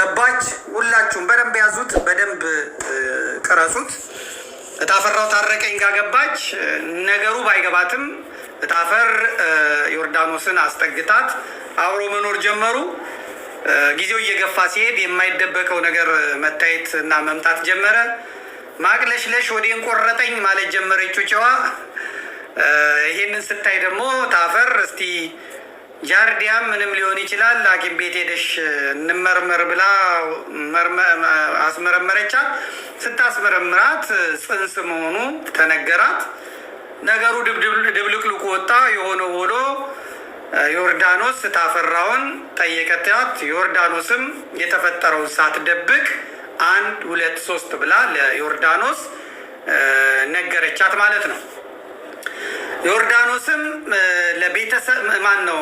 ገባች። ሁላችሁም በደንብ ያዙት፣ በደንብ ቀረጹት እታፈራው ታረቀኝ ጋር ገባች። ነገሩ ባይገባትም እታፈር ዮርዳኖስን አስጠግታት አብሮ መኖር ጀመሩ። ጊዜው እየገፋ ሲሄድ የማይደበቀው ነገር መታየት እና መምጣት ጀመረ። ማቅለሽለሽ ወዴን ቆረጠኝ ማለት ጀመረች ጩጬዋ። ይህንን ስታይ ደግሞ ታፈር እስቲ ጃርዲያም ምንም ሊሆን ይችላል ሐኪም ቤት ሄደሽ እንመርመር ብላ አስመረመረቻት። ስታስመረምራት ጽንስ መሆኑ ተነገራት። ነገሩ ድብልቅልቁ ወጣ። የሆነ ሆኖ ዮርዳኖስ ስታፈራውን ጠየቀታት። ዮርዳኖስም የተፈጠረውን ሳትደብቅ አንድ ሁለት ሶስት ብላ ለዮርዳኖስ ነገረቻት ማለት ነው። ዮርዳኖስም ለቤተሰብ ማን ነው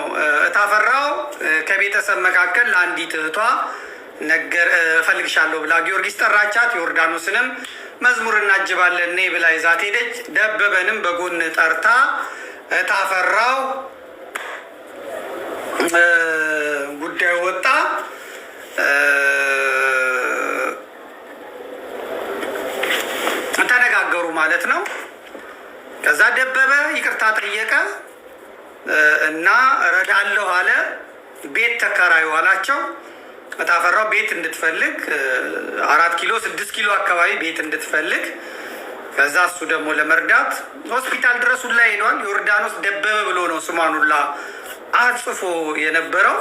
እታፈራው ከቤተሰብ መካከል ለአንዲት እህቷ ነገር እፈልግሻለሁ ብላ ጊዮርጊስ ጠራቻት። ዮርዳኖስንም መዝሙር እናጅባለን እኔ ብላ ይዛት ሄደች። ደበበንም በጎን ጠርታ እታፈራው ጉዳዩ ወጣ። ተነጋገሩ ማለት ነው። ከዛ ደበበ ይቅርታ ጠየቀ እና እረዳለሁ አለ። ቤት ተከራዩ አላቸው። እታፈራው ቤት እንድትፈልግ አራት ኪሎ ስድስት ኪሎ አካባቢ ቤት እንድትፈልግ ከዛ እሱ ደግሞ ለመርዳት ሆስፒታል ድረስ ሁላ ሄዷል። ዮርዳኖስ ደበበ ብሎ ነው ስማኑላ አጽፎ የነበረው።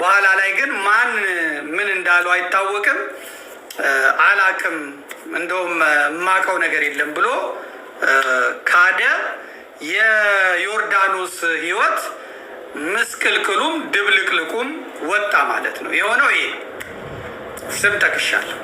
በኋላ ላይ ግን ማን ምን እንዳለው አይታወቅም። አላቅም እንደውም የማውቀው ነገር የለም ብሎ ካደ። የዮርዳኖስ ህይወት ምስቅልቅሉም ድብልቅልቁም ወጣ ማለት ነው የሆነው። ይሄ ስም ጠቅሻለሁ።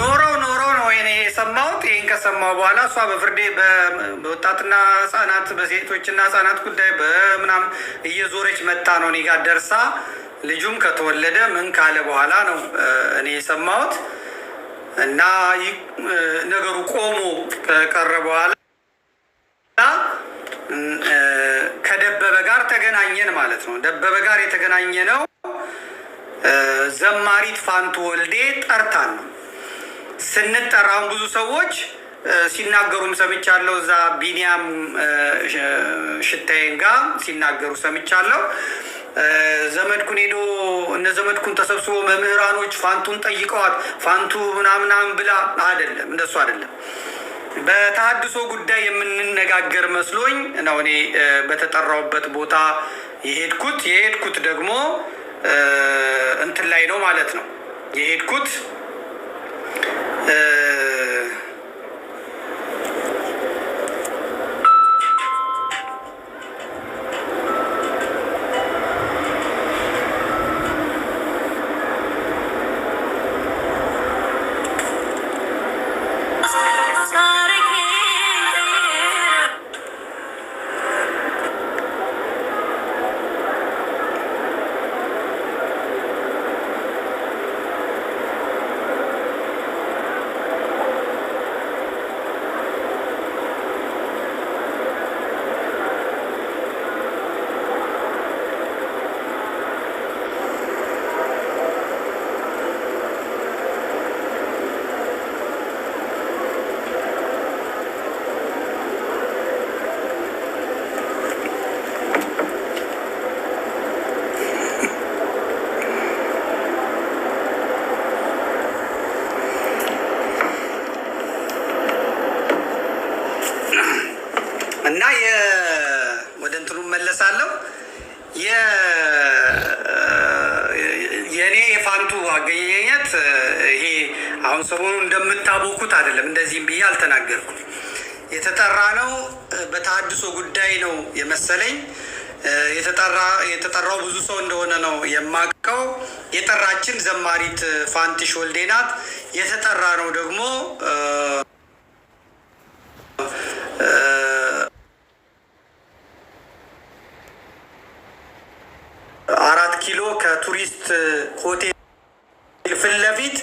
ኖረው ኖሮ ነው ወይ የሰማሁት። ይህን ከሰማሁ በኋላ እሷ በፍርዴ በወጣትና ህጻናት በሴቶችና ህጻናት ጉዳይ በምናም እየዞረች መታ ነው እኔ ጋር ደርሳ ልጁም ከተወለደ ምን ካለ በኋላ ነው እኔ የሰማሁት። እና ነገሩ ቆሞ ከቀረ በኋላ ከደበበ ጋር ተገናኘን ማለት ነው። ደበበ ጋር የተገናኘ ነው ዘማሪት ፋንቱ ወልዴ ጠርታን ነው። ስንጠራውን ብዙ ሰዎች ሲናገሩም ሰምቻለሁ። እዛ ቢኒያም ሽታዬን ጋር ሲናገሩ ሰምቻለሁ። ዘመድኩን ሄዶ እነ ዘመድኩን ተሰብስቦ መምህራኖች ፋንቱን ጠይቀዋት ፋንቱ ምናምናም ብላ አይደለም፣ እንደሱ አይደለም። በተሀድሶ ጉዳይ የምንነጋገር መስሎኝ ነው እኔ በተጠራውበት ቦታ የሄድኩት። የሄድኩት ደግሞ እንትን ላይ ነው ማለት ነው የሄድኩት ሳለው የእኔ የፋንቱ አገኘኘት ይሄ አሁን ሰሞኑ እንደምታቦኩት አይደለም። እንደዚህም ብዬ አልተናገርኩም። የተጠራ ነው በተሀድሶ ጉዳይ ነው የመሰለኝ የተጠራው ብዙ ሰው እንደሆነ ነው የማቀው የጠራችን ዘማሪት ፋንቲሽ ወልዴ ናት። የተጠራ ነው ደግሞ መንግስት ሆቴል ፊት ለፊት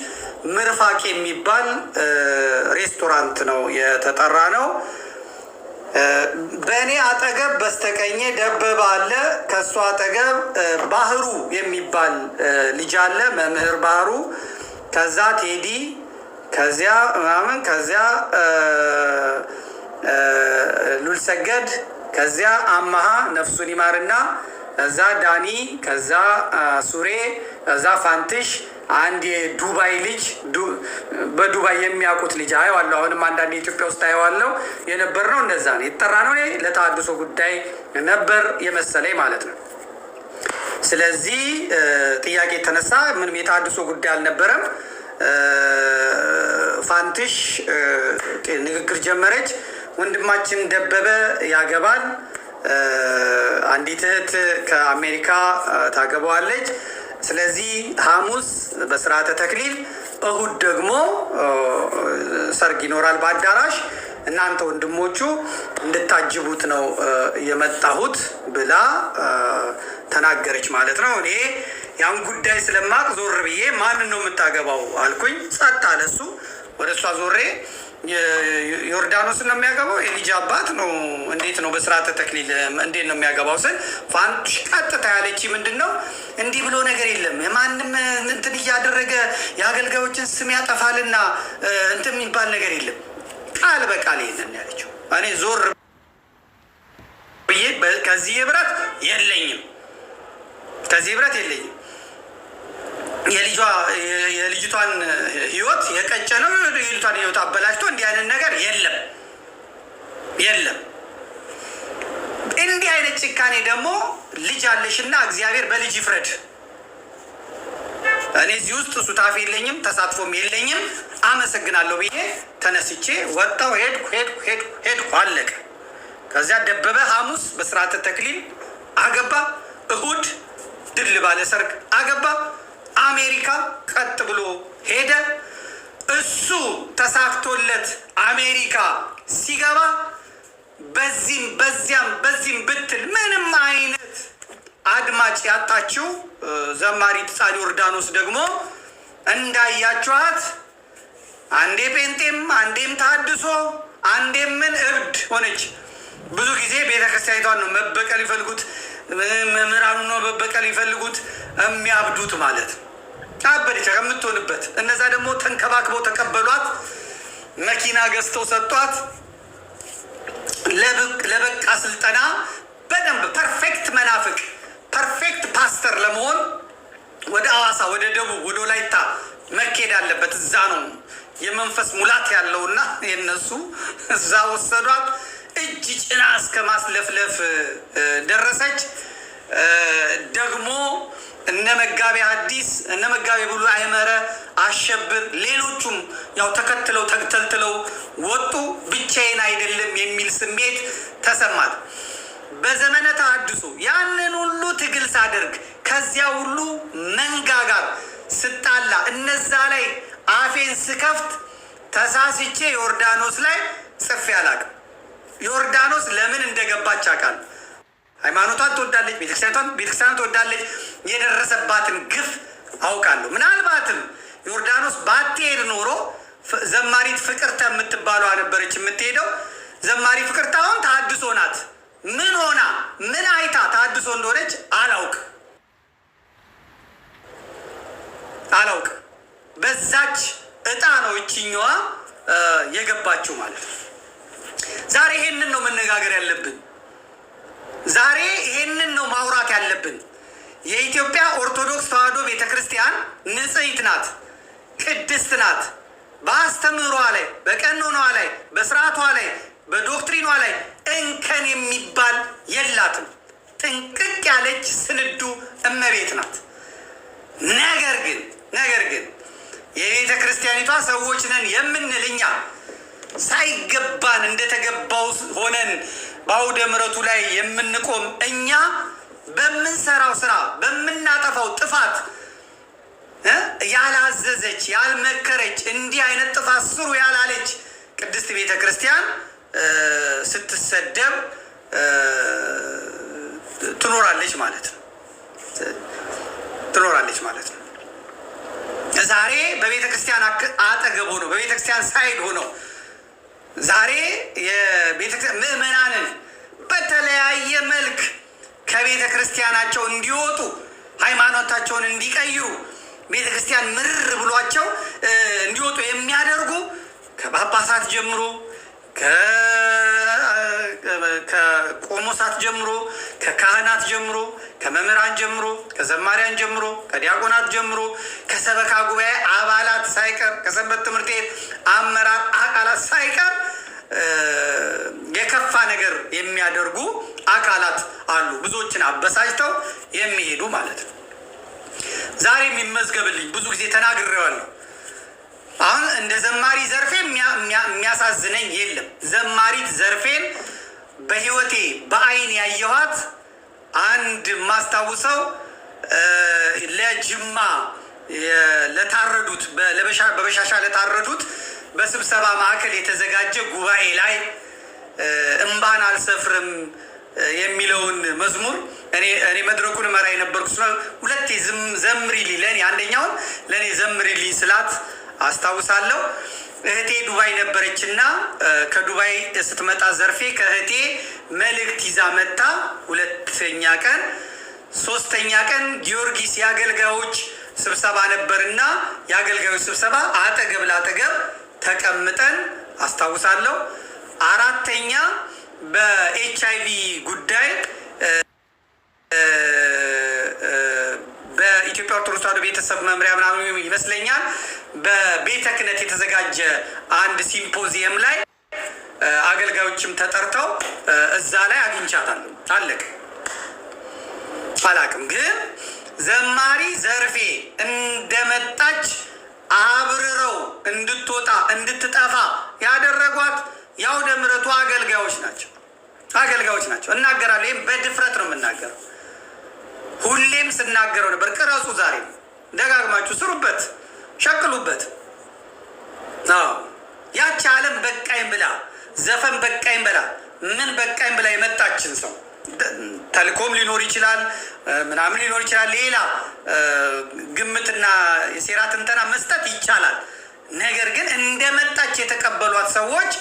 ምርፋቅ የሚባል ሬስቶራንት ነው የተጠራ ነው። በእኔ አጠገብ በስተቀኜ ደበበ አለ። ከእሱ አጠገብ ባህሩ የሚባል ልጅ አለ፣ መምህር ባህሩ። ከዛ ቴዲ፣ ከዚያ ምናምን፣ ከዚያ ሉልሰገድ፣ ከዚያ አማሃ ነፍሱን ይማርና እዛ ዳኒ፣ ከዛ ሱሬ፣ እዛ ፋንትሽ አንድ የዱባይ ልጅ በዱባይ የሚያውቁት ልጅ አየዋለሁ። አሁንም አንዳንድ የኢትዮጵያ ውስጥ አየዋለሁ። የነበር ነው እንደዛ ነው የተጠራ ነው። ለተሃድሶ ጉዳይ ነበር የመሰለኝ ማለት ነው። ስለዚህ ጥያቄ የተነሳ ምንም የተሃድሶ ጉዳይ አልነበረም። ፋንትሽ ንግግር ጀመረች። ወንድማችን ደበበ ያገባል አንዲት እህት ከአሜሪካ ታገባዋለች። ስለዚህ ሐሙስ በስርዓተ ተክሊል፣ እሁድ ደግሞ ሰርግ ይኖራል በአዳራሽ እናንተ ወንድሞቹ እንድታጅቡት ነው የመጣሁት ብላ ተናገረች ማለት ነው። እኔ ያን ጉዳይ ስለማቅ ዞር ብዬ ማንን ነው የምታገባው አልኩኝ። ጸጥ አለ እሱ። ወደ እሷ ዞሬ ዮርዳኖስን ነው የሚያገባው? የልጅ አባት ነው። እንዴት ነው በስርዓተ ተክሊል እንዴት ነው የሚያገባው ስል ፋንቱሽ ቀጥታ ያለች ምንድን ነው እንዲህ ብሎ ነገር የለም። የማንም እንትን እያደረገ የአገልጋዮችን ስም ያጠፋልና እንትን የሚባል ነገር የለም። ቃል በቃል ይሄንን ያለችው እኔ ዞር ብዬ ከዚህ ህብረት የለኝም፣ ከዚህ ህብረት የለኝም። የልጇ የልጅቷን ህይወት የቀጨ ነው። የልጅቷን ህይወት አበላሽቶ እንዲህ አይነት ነገር የለም የለም። እንዲህ አይነት ጭካኔ ደግሞ ልጅ አለሽና እግዚአብሔር በልጅ ይፍረድ። እኔ እዚህ ውስጥ ሱታፍ የለኝም ተሳትፎም የለኝም። አመሰግናለሁ ብዬ ተነስቼ ወጣሁ። ሄድኩ ሄድኩ ሄድኩ ሄድኩ አለቀ። ከዚያ ደበበ ሐሙስ በስርዓተ ተክሊል አገባ፣ እሁድ ድል ባለ ሰርግ አገባ። አሜሪካ ቀጥ ብሎ ሄደ። እሱ ተሳክቶለት አሜሪካ ሲገባ በዚህም በዚያም በዚህም ብትል ምንም አይነት አድማጭ ያጣችው ዘማሪት ጻሊ ዮርዳኖስ ደግሞ እንዳያችኋት አንዴ ጴንጤም አንዴም ታድሶ አንዴም ምን እብድ ሆነች። ብዙ ጊዜ ቤተክርስቲያኒቷን ነው መበቀል ይፈልጉት፣ መምህራኑ ነው መበቀል ይፈልጉት፣ የሚያብዱት ማለት ነው። ታበደች ከምትሆንበት። እነዛ ደግሞ ተንከባክበው ተቀበሏት፣ መኪና ገዝተው ሰጧት፣ ለበቃ ስልጠና በደንብ ፐርፌክት መናፍቅ ፐርፌክት ፓስተር ለመሆን ወደ አዋሳ፣ ወደ ደቡብ፣ ወደ ወላይታ መኬድ አለበት። እዛ ነው የመንፈስ ሙላት ያለውና የነሱ እዛ ወሰዷት። እጅ ጭና እስከ ማስለፍለፍ ደረሰች ደግሞ እነ መጋቤ ሐዲስ እነ መጋቤ ብሉ አይመረ አሸብር ሌሎቹም ያው ተከትለው ተተልትለው ወጡ። ብቻዬን አይደለም የሚል ስሜት ተሰማት። በዘመነ ተሐድሶ ያንን ሁሉ ትግል ሳደርግ ከዚያ ሁሉ መንጋጋር ስጣላ እነዛ ላይ አፌን ስከፍት ተሳስቼ ዮርዳኖስ ላይ ጽፌ አላቅም። ዮርዳኖስ ለምን እንደገባች አውቃለሁ። ሃይማኖቷን ትወዳለች፣ ቤተክርስቲያኗን ትወዳለች። የደረሰባትን ግፍ አውቃለሁ። ምናልባትም ዮርዳኖስ ባትሄድ ኖሮ ዘማሪት ፍቅርተ የምትባለዋ ነበረች የምትሄደው። ዘማሪ ፍቅርተ አሁን ታድሶ ናት። ምን ሆና ምን አይታ ታድሶ እንደሆነች አላውቅ አላውቅ። በዛች እጣ ነው እችኛዋ የገባችው ማለት ነው። ዛሬ ይሄንን ነው መነጋገር ያለብን። ዛሬ ይሄንን ነው ማውራት ያለብን። የኢትዮጵያ ኦርቶዶክስ ተዋሕዶ ቤተ ክርስቲያን ንጽሕት ናት፣ ቅድስት ናት። በአስተምህሯ ላይ፣ በቀኖኗ ላይ፣ በስርዓቷ ላይ፣ በዶክትሪኗ ላይ እንከን የሚባል የላትም። ጥንቅቅ ያለች ስንዱ እመቤት ናት። ነገር ግን ነገር ግን የቤተ ክርስቲያኒቷ ሰዎች ነን የምንል እኛ ሳይገባን እንደተገባው ሆነን በአውደ ምረቱ ላይ የምንቆም እኛ በምንሰራው ስራ በምናጠፋው ጥፋት ያላዘዘች ያልመከረች እንዲህ አይነት ጥፋት ስሩ ያላለች ቅድስት ቤተ ክርስቲያን ስትሰደብ ትኖራለች ማለት ነው። ትኖራለች ማለት ነው። ዛሬ በቤተ ክርስቲያን አጠገብ ሆነው በቤተ ክርስቲያን ሳይድ ሆነው ዛሬ የቤተክርስቲያን ምእመናንን በተለያየ መልክ ከቤተ ክርስቲያናቸው እንዲወጡ ሃይማኖታቸውን እንዲቀይሩ ቤተ ክርስቲያን ምርር ብሏቸው እንዲወጡ የሚያደርጉ ከጳጳሳት ጀምሮ ከቆሞሳት ጀምሮ ከካህናት ጀምሮ ከመምህራን ጀምሮ ከዘማሪያን ጀምሮ ከዲያቆናት ጀምሮ ከሰበካ ጉባኤ አባላት ሳይቀር ከሰንበት ትምህርት ቤት አመራር አካላት ሳይቀር የከፋ ነገር የሚያደርጉ አካላት አሉ፣ ብዙዎችን አበሳጭተው የሚሄዱ ማለት ነው። ዛሬ የሚመዝገብልኝ ብዙ ጊዜ ተናግሬዋለሁ። አሁን እንደ ዘማሪ ዘርፌ የሚያሳዝነኝ የለም። ዘማሪት ዘርፌን በህይወቴ በአይን ያየኋት አንድ የማስታውሰው ለጅማ ለታረዱት በበሻሻ ለታረዱት በስብሰባ ማዕከል የተዘጋጀ ጉባኤ ላይ እምባን አልሰፍርም የሚለውን መዝሙር እኔ መድረኩን መራ የነበርኩ ስለ ሁለቴ ዘምሪሊ ለእኔ አንደኛውን ለእኔ ዘምሪሊ ስላት አስታውሳለሁ። እህቴ ዱባይ ነበረች እና ከዱባይ ስትመጣ ዘርፌ ከእህቴ መልእክት ይዛ መጣ። ሁለተኛ ቀን ሶስተኛ ቀን ጊዮርጊስ የአገልጋዮች ስብሰባ ነበርና የአገልጋዮች ስብሰባ አጠገብ ላጠገብ ተቀምጠን አስታውሳለሁ። አራተኛ በኤች አይቪ ጉዳይ በኢትዮጵያ ኦርቶዶክስ ተዋህዶ ቤተሰብ መምሪያ ምናምን ይመስለኛል በቤተ ክህነት የተዘጋጀ አንድ ሲምፖዚየም ላይ አገልጋዮችም ተጠርተው እዛ ላይ አግኝቻታል። አለቅ አላቅም ግን ዘማሪ ዘርፌ እንደመጣች አብርረው እንድትወጣ እንድትጠፋ ያደረጓት ያው ደምረቱ አገልጋዮች ናቸው አገልጋዮች ናቸው። እናገራለሁ። ይህም በድፍረት ነው የምናገረው። ሁሌም ስናገረው ነበር። ቅረሱ፣ ዛሬ ደጋግማችሁ ስሩበት፣ ሸቅሉበት። ያቺ ዓለም በቃኝ ብላ ዘፈን በቃኝ ብላ ምን በቃኝ ብላ የመጣችን ሰው ተልኮም ሊኖር ይችላል፣ ምናምን ሊኖር ይችላል። ሌላ ግምትና የሴራ ትንተና መስጠት ይቻላል። ነገር ግን እንደመጣች የተቀበሏት ሰዎች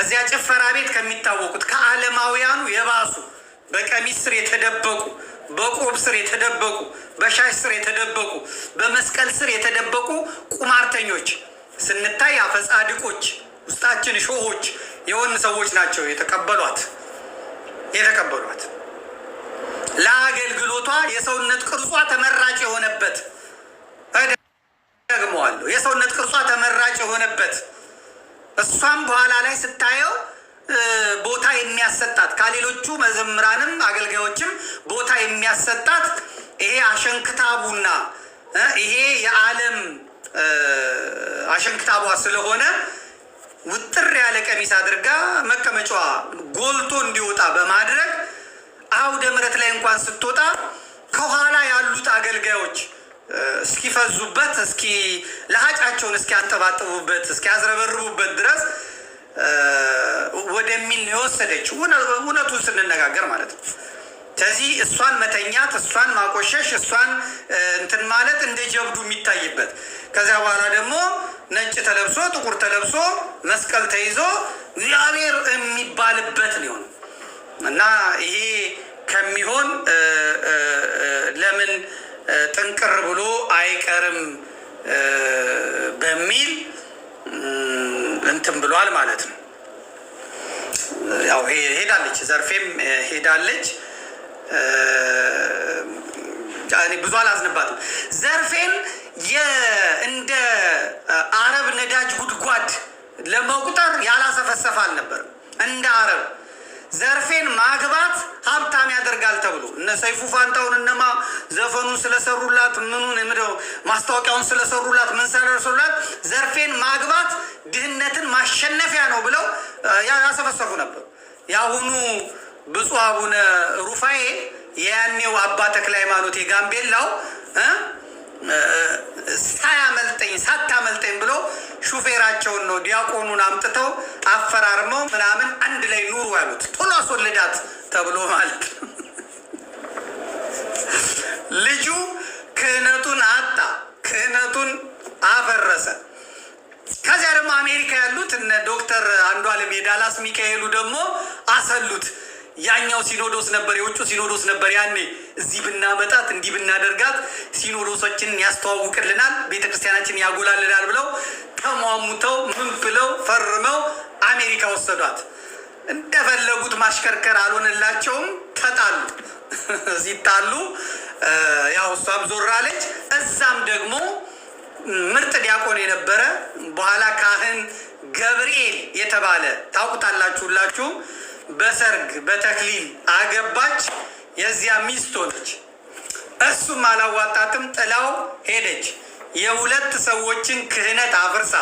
እዚያ ጭፈራ ቤት ከሚታወቁት ከዓለማውያኑ የባሱ በቀሚስ ስር የተደበቁ በቆብ ስር የተደበቁ በሻሽ ስር የተደበቁ በመስቀል ስር የተደበቁ ቁማርተኞች ስንታይ አፈጻድቆች ውስጣችን ሾሆች የሆን ሰዎች ናቸው የተቀበሏት። የተቀበሏት ለአገልግሎቷ የሰውነት ቅርጿ ተመራጭ የሆነበት ደግመዋለሁ፣ የሰውነት ቅርጿ ተመራጭ የሆነበት እሷም በኋላ ላይ ስታየው ቦታ የሚያሰጣት ከሌሎቹ መዘምራንም አገልጋዮችም ቦታ የሚያሰጣት ይሄ አሸንክታቡና ይሄ የዓለም አሸንክታቧ ስለሆነ ውጥር ያለ ቀሚስ አድርጋ መቀመጫዋ ጎልቶ እንዲወጣ በማድረግ አውደ ምረት ላይ እንኳን ስትወጣ ከኋላ ያሉት አገልጋዮች እስኪፈዙበት እስኪ ለሀጫቸውን እስኪያንጠባጥቡበት እስኪያዝረበርቡበት ድረስ ወደሚል ነው የወሰደችው እውነቱን ስንነጋገር ማለት ነው። ከዚህ እሷን መተኛት፣ እሷን ማቆሸሽ፣ እሷን እንትን ማለት እንደ ጀብዱ የሚታይበት ከዚያ በኋላ ደግሞ ነጭ ተለብሶ ጥቁር ተለብሶ መስቀል ተይዞ እግዚአብሔር የሚባልበት ነው እና ይሄ ከሚሆን ለምን ጥንቅር ብሎ አይቀርም በሚል እንትን ብሏል ማለት ነው። ያው ሄዳለች፣ ዘርፌም ሄዳለች። እኔ ብዙ አላዝንባትም። ዘርፌን እንደ አረብ ነዳጅ ጉድጓድ ለመቁጠር ያላሰፈሰፈ አልነበርም። እንደ አረብ ዘርፌን ማግባት ሀብታም ያደርጋል ተብሎ እነ ሰይፉ ፋንታውን እነማ ዘፈኑን ስለሰሩላት ምኑን የምደው ማስታወቂያውን ስለሰሩላት ምን ስለደርሱላት ዘርፌን ማግባት ድህነትን ማሸነፊያ ነው ብለው ያሰፈሰፉ ነበር የአሁኑ ብፁ አቡነ ሩፋኤል የያኔው አባ ተክለ ሃይማኖት የጋምቤላው ሳያመልጠኝ ሳታመልጠኝ ብሎ ሹፌራቸውን ነው ዲያቆኑን አምጥተው አፈራርመው ምናምን አንድ ላይ ኑሩ ያሉት። ቶሎ አስወልዳት ተብሎ ማለት ልጁ ክህነቱን አጣ፣ ክህነቱን አፈረሰ። ከዚያ ደግሞ አሜሪካ ያሉት እነ ዶክተር አንዱ አለም የዳላስ ሚካኤሉ ደግሞ አሰሉት። ያኛው ሲኖዶስ ነበር፣ የውጭ ሲኖዶስ ነበር። ያኔ እዚህ ብናመጣት እንዲህ ብናደርጋት ሲኖዶሶችን ያስተዋውቅልናል፣ ቤተክርስቲያናችን ያጎላልናል ብለው ተሟሙተው ምን ብለው ፈርመው አሜሪካ ወሰዷት። እንደፈለጉት ማሽከርከር አልሆነላቸውም፣ ተጣሉ። ሲጣሉ ያው እሷም ዞር አለች። እዛም ደግሞ ምርጥ ዲያቆን የነበረ በኋላ ካህን ገብርኤል የተባለ ታውቁታላችሁ በሰርግ በተክሊል አገባች። የዚያ ሚስት ሆነች። እሱም አላዋጣትም፣ ጥላው ሄደች። የሁለት ሰዎችን ክህነት አፍርሳ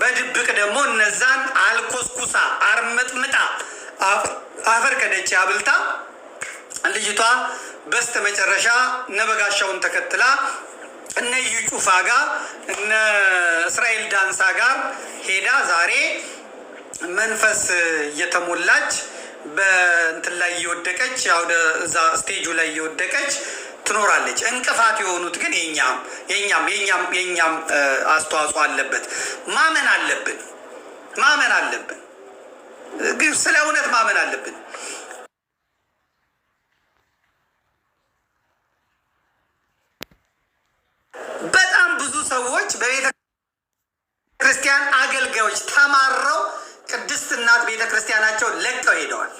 በድብቅ ደግሞ እነዛን አልኮስኩሳ አርምጥምጣ አፈር ከደች አብልታ ልጅቷ በስተ መጨረሻ ነበጋሻውን ተከትላ እነ እዩ ጋር እነ እስራኤል ዳንሳ ጋር ሄዳ ዛሬ መንፈስ እየተሞላች በእንትን ላይ እየወደቀች ወደ እዛ ስቴጁ ላይ እየወደቀች ትኖራለች። እንቅፋት የሆኑት ግን የኛም የኛም የኛም የኛም አስተዋጽኦ አለበት። ማመን አለብን ማመን አለብን። ስለ እውነት ማመን አለብን። በጣም ብዙ ሰዎች በቤተ ክርስቲያን አገልጋዮች ተማረው ቅድስት እናት ቤተ ክርስቲያናቸው ለቀው ሄደዋል።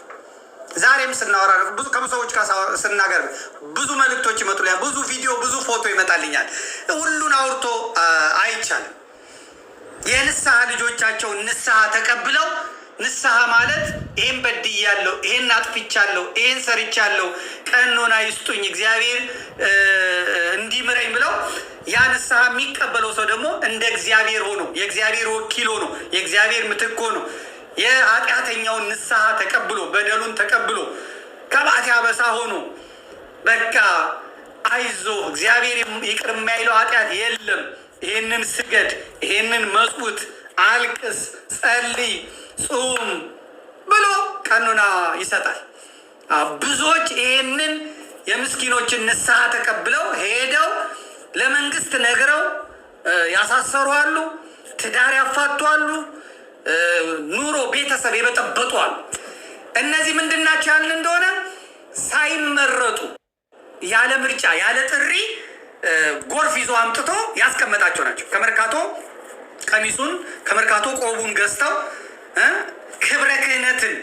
ዛሬም ስናወራ ብዙ ከብዙ ሰዎች ጋር ስናገር ብዙ መልእክቶች ይመጡልኛል። ብዙ ቪዲዮ፣ ብዙ ፎቶ ይመጣልኛል። ሁሉን አውርቶ አይቻልም። የንስሐ ልጆቻቸው ንስሐ ተቀብለው ንስሐ ማለት ይህን በድያለሁ፣ ይህን አጥፍቻለሁ፣ ይህን ሰርቻለሁ፣ ቀኖና ይስጡኝ፣ እግዚአብሔር እንዲምረኝ ብለው ያ ንስሐ የሚቀበለው ሰው ደግሞ እንደ እግዚአብሔር ሆኖ የእግዚአብሔር ወኪል ሆኖ የእግዚአብሔር ምትክ ሆኖ የኃጢአተኛውን ንስሐ ተቀብሎ በደሉን ተቀብሎ ከባቴ አበሳ ሆኖ በቃ አይዞ እግዚአብሔር ይቅር የማይለው ኃጢአት የለም፣ ይህንን ስገድ፣ ይህንን መጽውት፣ አልቅስ፣ ጸልይ፣ ጹም ብሎ ቀኖና ይሰጣል። ብዙዎች ይህንን የምስኪኖችን ንስሐ ተቀብለው ሄደው ለመንግስት ነግረው ያሳሰሩ አሉ፣ ትዳር ያፋቱ አሉ፣ ኑሮ ቤተሰብ የበጠበጡ አሉ። እነዚህ ምንድናቸው ያልን እንደሆነ ሳይመረጡ ያለ ምርጫ ያለ ጥሪ ጎርፍ ይዞ አምጥቶ ያስቀመጣቸው ናቸው። ከመርካቶ ቀሚሱን ከመርካቶ ቆቡን ገዝተው ክብረ ክህነትን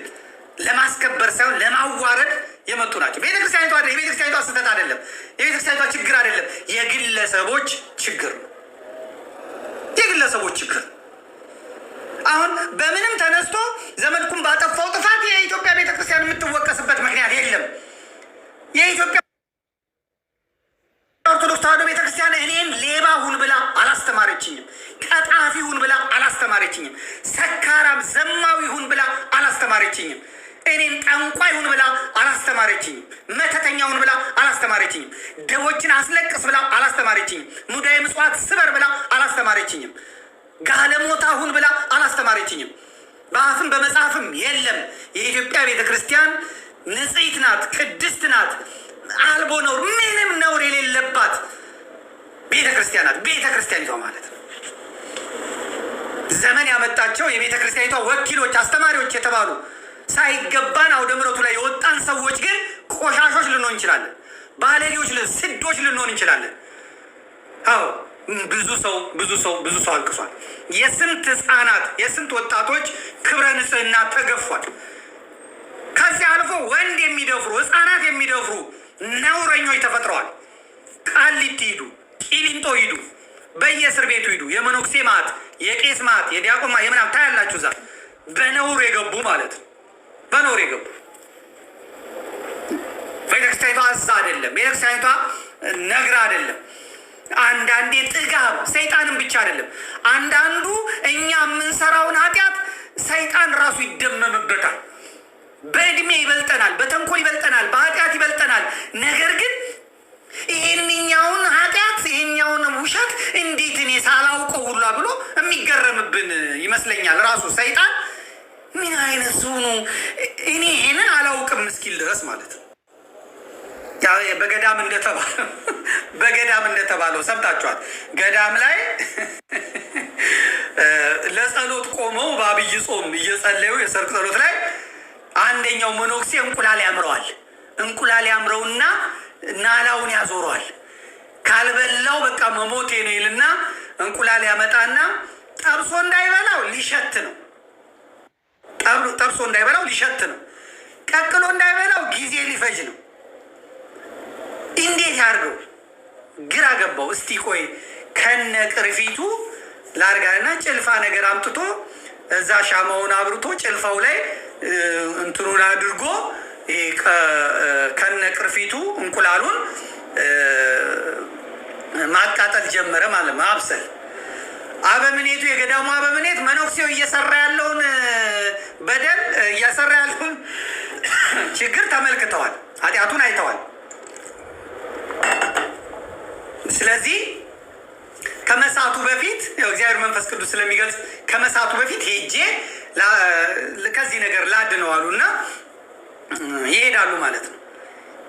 ለማስከበር ሳይሆን ለማዋረድ የመጡ ናቸው። ቤተክርስቲያኒቷ የቤተክርስቲያኒቷ ስህተት አይደለም፣ የቤተክርስቲያኒቷ ችግር አይደለም። የግለሰቦች ችግር ነው፣ የግለሰቦች ችግር አሁን በምንም ተነስቶ ዘመድኩን ባጠፋው ጥፋት የኢትዮጵያ ቤተክርስቲያን የምትወቀስበት ምክንያት የለም። የኢትዮጵያ ኦርቶዶክስ ተዋሕዶ ቤተክርስቲያን እኔን ሌባ ሁን ብላ አላስተማረችኝም። ቀጣፊ ሁን ብላ አላስተማረችኝም። ሰካራም ዘማዊ ሁን ብላ አላስተማረችኝም። እኔን ጠንቋይ ሁን ብላ አላስተማረችኝም። መተተኛውን ብላ አላስተማረችኝም። ደቦችን አስለቅስ ብላ አላስተማረችኝም። ሙዳይ ምጽዋት ስበር ብላ አላስተማረችኝም። ጋለሞታ ሁን ብላ አላስተማረችኝም። በአፍም በመጽሐፍም የለም። የኢትዮጵያ ቤተ ክርስቲያን ንጽሕት ናት፣ ቅድስት ናት፣ አልቦ ነውር፣ ምንም ነውር የሌለባት ቤተ ክርስቲያን ናት። ቤተ ክርስቲያኒቷ ማለት ነው ዘመን ያመጣቸው የቤተ ክርስቲያኒቷ ወኪሎች አስተማሪዎች የተባሉ ሳይገባን አውደ ምረቱ ላይ የወጣን ሰዎች ግን ቆሻሾች ልንሆን እንችላለን። ባለጌዎች፣ ስዶች ልንሆን እንችላለን። አዎ ብዙ ሰው ብዙ ሰው ብዙ ሰው አልቅሷል። የስንት ህፃናት የስንት ወጣቶች ክብረ ንጽህና ተገፏል። ከዚህ አልፎ ወንድ የሚደፍሩ ህፃናት የሚደፍሩ ነውረኞች ተፈጥረዋል። ቃሊቲ ሂዱ፣ ቂሊንጦ ሂዱ፣ በየእስር ቤቱ ሂዱ። የመኖክሴ ማት፣ የቄስ ማት፣ የዲያቆማ ማት ታያላችሁ። ዛ በነውር የገቡ ማለት ነው። በኖር የገቡ ቤተክርስቲያኒቷ እዛ አይደለም፣ ቤተክርስቲያኒቷ ነግር አይደለም። አንዳንዴ ጥጋብ ሰይጣንም ብቻ አይደለም። አንዳንዱ እኛ የምንሰራውን ኃጢአት ሰይጣን ራሱ ይደመምበታል። በእድሜ ይበልጠናል፣ በተንኮል ይበልጠናል፣ በኃጢአት ይበልጠናል። ነገር ግን ይህንኛውን ኃጢአት ይህኛውን ውሸት እንዴት እኔ ሳላውቀው ሁላ ብሎ የሚገረምብን ይመስለኛል ራሱ ሰይጣን ምን አይነት ሰው ነው? እኔ ይሄንን አላውቅም እስኪል ድረስ ማለት ነው። በገዳም እንደተባለው በገዳም እንደተባለው ሰምታችኋል። ገዳም ላይ ለጸሎት ቆመው በአብይ ጾም እየጸለዩ የሰርክ ጸሎት ላይ አንደኛው መኖክሴ እንቁላል ያምረዋል። እንቁላል ያምረውና ናላውን ያዞረዋል። ካልበላው በቃ መሞቴ ነው ይልና እንቁላል ያመጣና ጠብሶ እንዳይበላው ሊሸት ነው ጠብሶ እንዳይበላው ሊሸት ነው። ቀቅሎ እንዳይበላው ጊዜ ሊፈጅ ነው። እንዴት ያርገው? ግራ ገባው። እስቲ ቆይ ከነ ቅርፊቱ ላርጋና ጭልፋ ነገር አምጥቶ እዛ ሻማውን አብርቶ ጭልፋው ላይ እንትኑን አድርጎ ከነ ቅርፊቱ እንቁላሉን ማቃጠል ጀመረ ማለት ማብሰል አበምኔቱ የገዳሙ አበምኔት መነኩሴው እየሰራ ያለውን በደል እያሰራ ያለውን ችግር ተመልክተዋል፣ ኃጢአቱን አይተዋል። ስለዚህ ከመሳቱ በፊት እግዚአብሔር መንፈስ ቅዱስ ስለሚገልጽ ከመሳቱ በፊት ሄጄ ከዚህ ነገር ላድነው አሉ እና ይሄዳሉ ማለት ነው።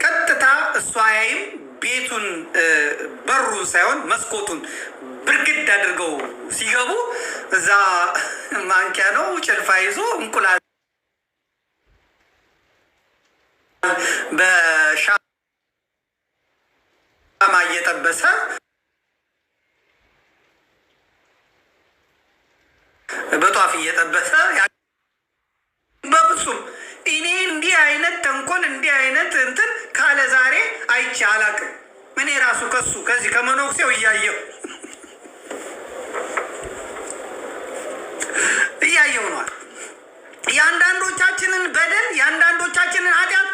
ቀጥታ እሷ ያይም ቤቱን በሩን ሳይሆን መስኮቱን ግድ አድርገው ሲገቡ እዛ ማንኪያ ነው ጭልፋ ይዞ እንቁላል በሻማ እየጠበሰ በጧፍ እየጠበሰ በፍጹም እኔ እንዲህ አይነት ተንኮል እንዲህ አይነት እንትን ካለ ዛሬ አይቼ አላቅም። እኔ ራሱ ከሱ ከዚህ ከመኖክሴው እያየው እያየው ነዋል። የአንዳንዶቻችንን በደል የአንዳንዶቻችንን ኃጢአት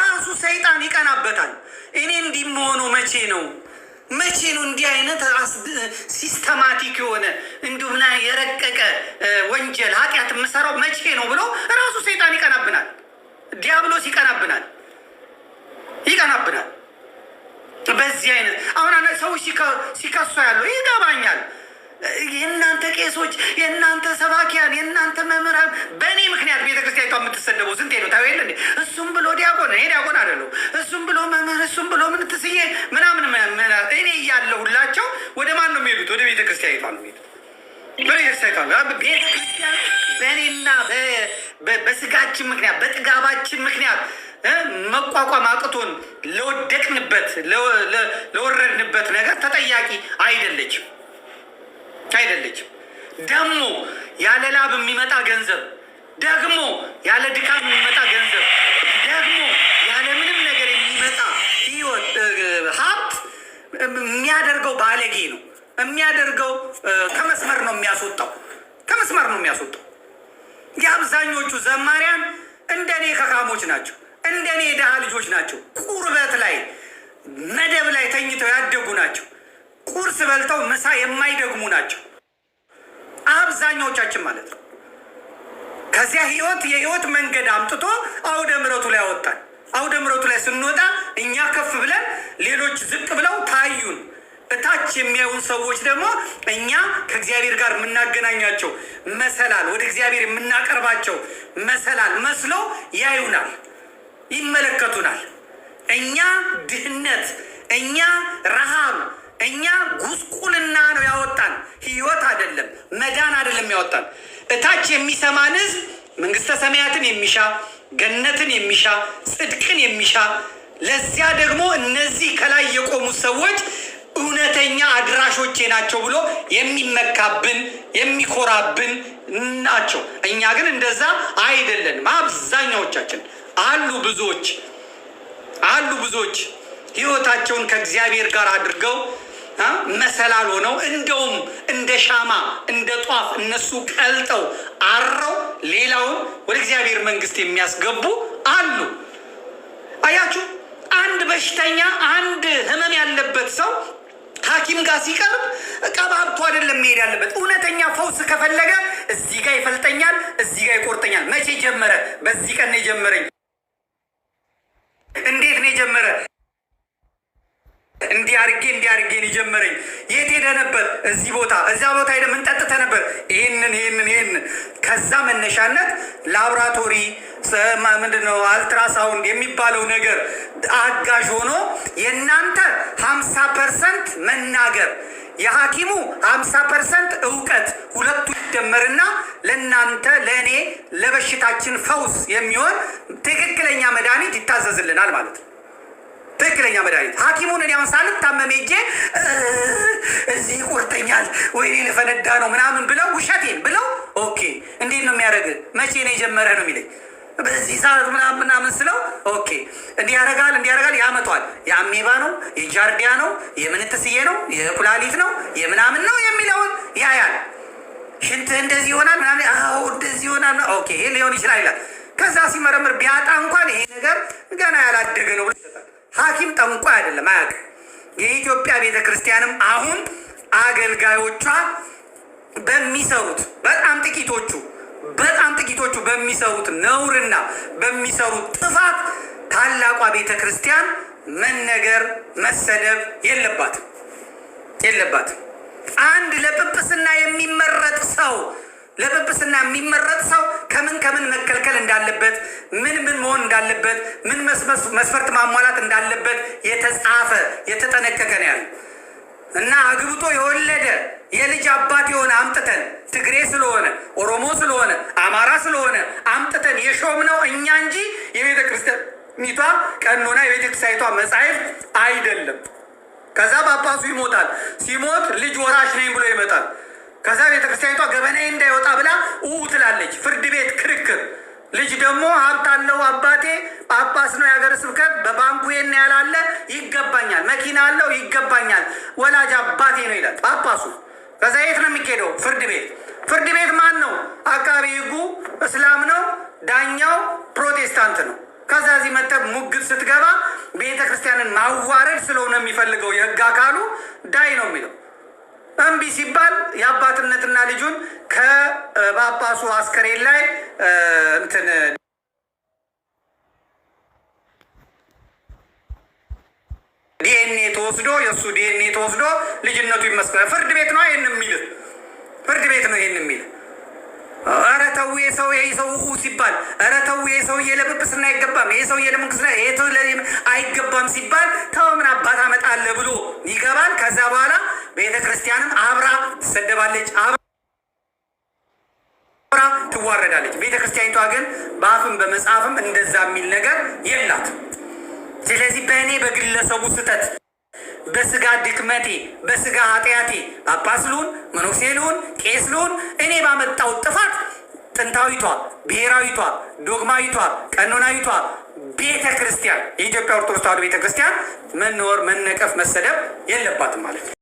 ራሱ ሰይጣን ይቀናበታል። እኔ እንዲህ የምሆነው መቼ ነው? መቼ ነው እንዲህ አይነት ሲስተማቲክ የሆነ እንዲሁና የረቀቀ ወንጀል ኃጢአት የምሰራው መቼ ነው ብሎ ራሱ ሰይጣን ይቀናብናል። ዲያብሎስ ይቀናብናል ይቀናብናል። በዚህ አይነት አሁን ሰው ሲከሷ ያለው ይገባኛል። የእናንተ ቄሶች፣ የእናንተ ሰባኪያን፣ የእናንተ መምህራን በእኔ ምክንያት ቤተክርስቲያኒቷ የምትሰደቡ ስንቴ ነው? ታዩ የለ እሱም ብሎ ዲያቆን እኔ ዲያቆን አይደለሁ እሱም ብሎ መምህር እሱም ብሎ ምንትስዬ ምናምን እኔ እያለሁላቸው ወደ ማን ነው የሚሄዱት? ወደ ቤተክርስቲያኒቷ ነው የሚሄዱት። ቤተክርስቲያን በእኔና በስጋችን ምክንያት በጥጋባችን ምክንያት መቋቋም አቅቶን ለወደቅንበት ለወረድንበት ነገር ተጠያቂ አይደለችም። አይደለችም። ደግሞ ያለ ላብ የሚመጣ ገንዘብ፣ ደግሞ ያለ ድካም የሚመጣ ገንዘብ፣ ደግሞ ያለ ምንም ነገር የሚመጣ ሀብት የሚያደርገው ባለጌ ነው የሚያደርገው ከመስመር ነው የሚያስወጣው፣ ከመስመር ነው የሚያስወጣው። የአብዛኞቹ ዘማሪያን እንደኔ ከካሞች ናቸው፣ እንደኔ የድሃ ልጆች ናቸው። ቁርበት ላይ መደብ ላይ ተኝተው ያደጉ ናቸው። ቁርስ በልተው ምሳ የማይደግሙ ናቸው። አብዛኛዎቻችን ማለት ነው። ከዚያ ህይወት የህይወት መንገድ አምጥቶ አውደ ምረቱ ላይ አወጣን። አውደ ምረቱ ላይ ስንወጣ እኛ ከፍ ብለን ሌሎች ዝቅ ብለው ታዩን። እታች የሚያዩን ሰዎች ደግሞ እኛ ከእግዚአብሔር ጋር የምናገናኛቸው መሰላል፣ ወደ እግዚአብሔር የምናቀርባቸው መሰላል መስሎ ያዩናል፣ ይመለከቱናል። እኛ ድህነት፣ እኛ ረሃብ እኛ ጉስቁልና ነው ያወጣን፣ ህይወት አይደለም መዳን አይደለም ያወጣን። እታች የሚሰማን ህዝብ መንግስተ ሰማያትን የሚሻ ገነትን የሚሻ ጽድቅን የሚሻ ለዚያ ደግሞ እነዚህ ከላይ የቆሙት ሰዎች እውነተኛ አድራሾቼ ናቸው ብሎ የሚመካብን የሚኮራብን ናቸው። እኛ ግን እንደዛ አይደለንም። አብዛኛዎቻችን አሉ ብዙዎች አሉ ብዙዎች ህይወታቸውን ከእግዚአብሔር ጋር አድርገው መሰላል ሆነው እንደውም እንደ ሻማ እንደ ጧፍ እነሱ ቀልጠው አረው ሌላውን ወደ እግዚአብሔር መንግስት የሚያስገቡ አሉ። አያችሁ፣ አንድ በሽተኛ አንድ ህመም ያለበት ሰው ሐኪም ጋር ሲቀርብ ቀባብቶ አይደለም መሄድ ያለበት። እውነተኛ ፈውስ ከፈለገ እዚህ ጋር ይፈልጠኛል፣ እዚህ ጋር ይቆርጠኛል። መቼ ጀመረ? በዚህ ቀን ነው የጀመረኝ። እንዴት ነው የጀመረ? እንዲህ አርጌ እንዲህ አርጌን ይጀመረኝ። የት ሄደ ነበር? እዚህ ቦታ እዚያ ቦታ ሄደ ምን ጠጥተ ነበር? ይህንን ይህንን ይህንን። ከዛ መነሻነት ላብራቶሪ ምንድን ነው አልትራሳውንድ የሚባለው ነገር አጋዥ ሆኖ የእናንተ ሀምሳ ፐርሰንት መናገር የሐኪሙ ሀምሳ ፐርሰንት እውቀት ሁለቱ ይደመርና ለእናንተ ለእኔ ለበሽታችን ፈውስ የሚሆን ትክክለኛ መድኃኒት ይታዘዝልናል ማለት ነው። ትክክለኛ መድኃኒት ሐኪሙን እኔ አሁን ሳልታመም ሄጄ እዚህ ይቆርጠኛል ወይኔ ልፈነዳ ነው ምናምን ብለው ውሸቴን ብለው ኦኬ፣ እንዴት ነው የሚያደርግ መቼ ነው የጀመረ ነው የሚለኝ በዚህ ሰዓት ምናምን ምናምን ስለው ኦኬ እንዲህ እንዲህ እንዲያረጋል ያመጧል። የአሜባ ነው የጃርዲያ ነው የምንትስዬ ነው የኩላሊት ነው የምናምን ነው የሚለውን ያያል። ሽንት እንደዚህ ይሆናል ምናምን፣ አዎ እንደዚህ ይሆናል ኦኬ ይሄ ሊሆን ይችላል ይላል። ከዛ ሲመረምር ቢያጣ እንኳን ይሄ ነገር ገና ያላደገ ነው ሐኪም ጠንቋ አይደለም አያውቅም። የኢትዮጵያ ቤተ ክርስቲያንም አሁን አገልጋዮቿ በሚሰሩት በጣም ጥቂቶቹ በጣም ጥቂቶቹ በሚሰሩት ነውርና በሚሰሩት ጥፋት ታላቋ ቤተ ክርስቲያን መነገር መሰደብ የለባትም የለባትም። አንድ ለጵጵስና የሚመረጥ ሰው ለጵጵስና የሚመረጥ ሰው ከምን ከምን መከልከል እንዳለበት፣ ምን ምን መሆን እንዳለበት፣ ምን መስፈርት ማሟላት እንዳለበት የተጻፈ የተጠነቀቀ ነው ያለ እና አግብቶ የወለደ የልጅ አባት የሆነ አምጥተን ትግሬ ስለሆነ ኦሮሞ ስለሆነ አማራ ስለሆነ አምጥተን የሾም ነው እኛ እንጂ የቤተ ክርስቲያኒቷ ቀኖና የቤተ ክርስቲያኒቷ መጽሐፍ አይደለም። ከዛ ጳጳሱ ይሞታል። ሲሞት ልጅ ወራሽ ነኝ ብሎ ይመጣል። ከዛ ቤተክርስቲያኒቷ ገበናዬ እንዳይወጣ ብላ ኡ ትላለች። ፍርድ ቤት ክርክር። ልጅ ደግሞ ሀብት አለው አባቴ ጳጳስ ነው የሀገር ስብከት በባንኩ የና ያላለ ይገባኛል፣ መኪና አለው ይገባኛል፣ ወላጅ አባቴ ነው ይላል ጳጳሱ። ከዛ የት ነው የሚካሄደው? ፍርድ ቤት። ፍርድ ቤት ማን ነው? አቃቢ ህጉ እስላም ነው፣ ዳኛው ፕሮቴስታንት ነው። ከዛ እዚህ መተህ ሙግት ስትገባ ቤተ ክርስቲያንን ማዋረድ ስለሆነ የሚፈልገው የህግ አካሉ ዳይ ነው የሚለው እምቢ ሲባል የአባትነትና ልጁን ከጳጳሱ አስከሬን ላይ እንትን ዲኤንኤ ተወስዶ የእሱ ዲኤንኤ ተወስዶ ልጅነቱ ይመስላል። ፍርድ ቤት ነው ይህን የሚል ፍርድ ቤት ነው ይህን የሚል ኧረ ተው ይሄ ሰው ይሄ ሲባል ኧረ ተው ይሄ ሰውዬ አይገባም፣ ይሄ ሰውዬ ለምንኩስና አይገባም ሲባል ተው ምን አባት አመጣለ ብሎ ይገባል። ከዛ በኋላ ቤተ ክርስቲያንም አብራ ትሰደባለች፣ አብራ ትዋረዳለች። ቤተ ክርስቲያኒቷ ግን በአፍም በመጽሐፍም እንደዛ የሚል ነገር የላት። ስለዚህ በእኔ በግለሰቡ ስህተት በስጋ ድክመቴ በስጋ ኃጢአቴ ጳጳስ ልሁን መነኩሴ ልሁን ቄስ ልሁን እኔ ባመጣው ጥፋት ጥንታዊቷ ብሔራዊቷ ዶግማዊቷ ቀኖናዊቷ ቤተ ክርስቲያን የኢትዮጵያ ኦርቶዶክስ ተዋሕዶ ቤተ ክርስቲያን መኖር፣ መነቀፍ፣ መሰደብ የለባትም ማለት ነው።